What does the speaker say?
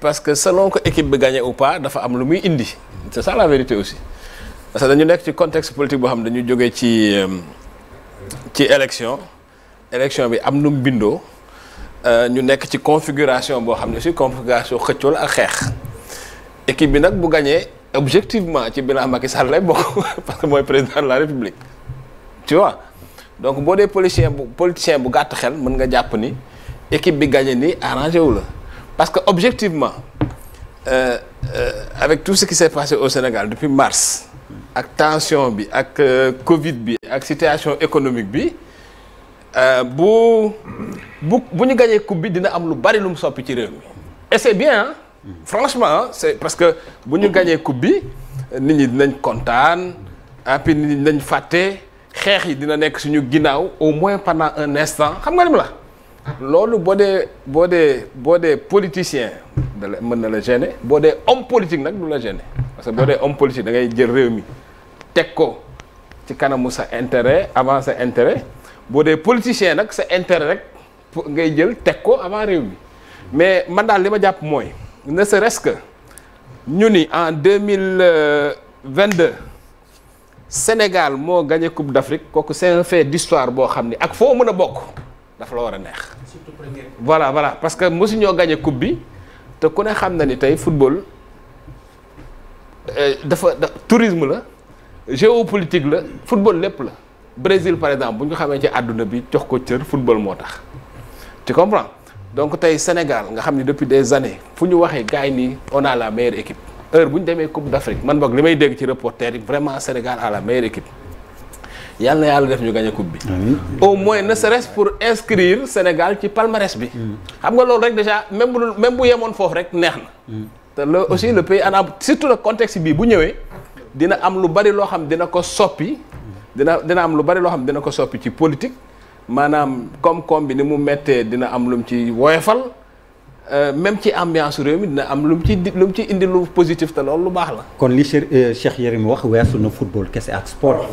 parce que selon que équipe bi gagné au pas dafa am lu muy indi c'est ça la vérité aussi parce que dañu nekk ci contexte politique boo xam dañu jógee ci euh, ci élection élection bi am nu mu bindoo euh, ñu nekk ci configuration boo xam ne aussi configuration xëccoo la ak xeex équipe bi nag bu gagné objectivement ci bilan Macky Sall lay bokk parce que mooy président de la République tu donc boo dee politicien bu politicien bu gàtt xel mën nga jàpp ni équipe bi gagné nii arrangé wu la. parce que objectivement euh, euh, avec tout ce qui s'est passé au Sénégal depuis mars ak tension bi ak euh, Covid bi ak situation économique bi euh, bu bu bu ñu gañee coupe bi dina am lu bari lu mu soppi ci réew mi et c'est bien hein? franchement c'est parce que bu ñu gañee coupe bi nit ñi dinañ kontaan puis nit ñi dinañ fàtte xeex yi dina nekk suñu ginnaaw au moins pendant un instant xam nga lim la. loolu boo dee boo dee boo dee politicien da la mën na la gêner boo dee homme politique nag du la gêner parce que boo dee homme politique da ngay jël réew mi teg ko ci kanamu sa intéret avant sa intérêt boo dee politicien nag sa intéret rek ngay jël teg ko avant réew mi mais man daal li ma jàpp mooy ne serait-ce que ñu ni en deux mille vingt deux Sénégal moo gagné Coupe d'Afrique kooku c'est un fait d'histoire boo xam ni ak foo mën a bokk. dafa la war a neex. voilà voilà parce que mosuñoo gagné coupe bi te ku ne xam na ni tey football euh, dafa tourisme la géopolitique la football lépp la Brésil par exemple bu ñu xamee ci àdduna bi jox ko cër football moo tax tu comprends donc tey Sénégal nga xam ni depuis des années fu ñu waxee gars yi nii on a la meilleure équipe heure bu ñu demee Coupe d'Afrique man boog li may dégg ci reporter yi vraiment Sénégal a la meilleure équipe. yàlla na yàlla def ñu gagné coupe bi. au moins ne serait-ce pour inscrire Sénégal ci palmarès bi. Mm. xam nga loolu rek déjà même bu même bu yemoon foofu rek neex na. Mm. te loolu aussi le pays arabe surtout le contexte bii bu ñëwee dina am lu bari loo xam dina ko soppi. dina dina am lu bari loo xam dina ko soppi ci politique maanaam koom-koom bi ni mu méttee dina am lu mu ci woyofal. Euh, même ci ambiance réew mi dina am lu mu ci lu ci indi lu positif te loolu lu baax la. kon li euh, Cheikh Cheikh wax weesu na football kese ak sport.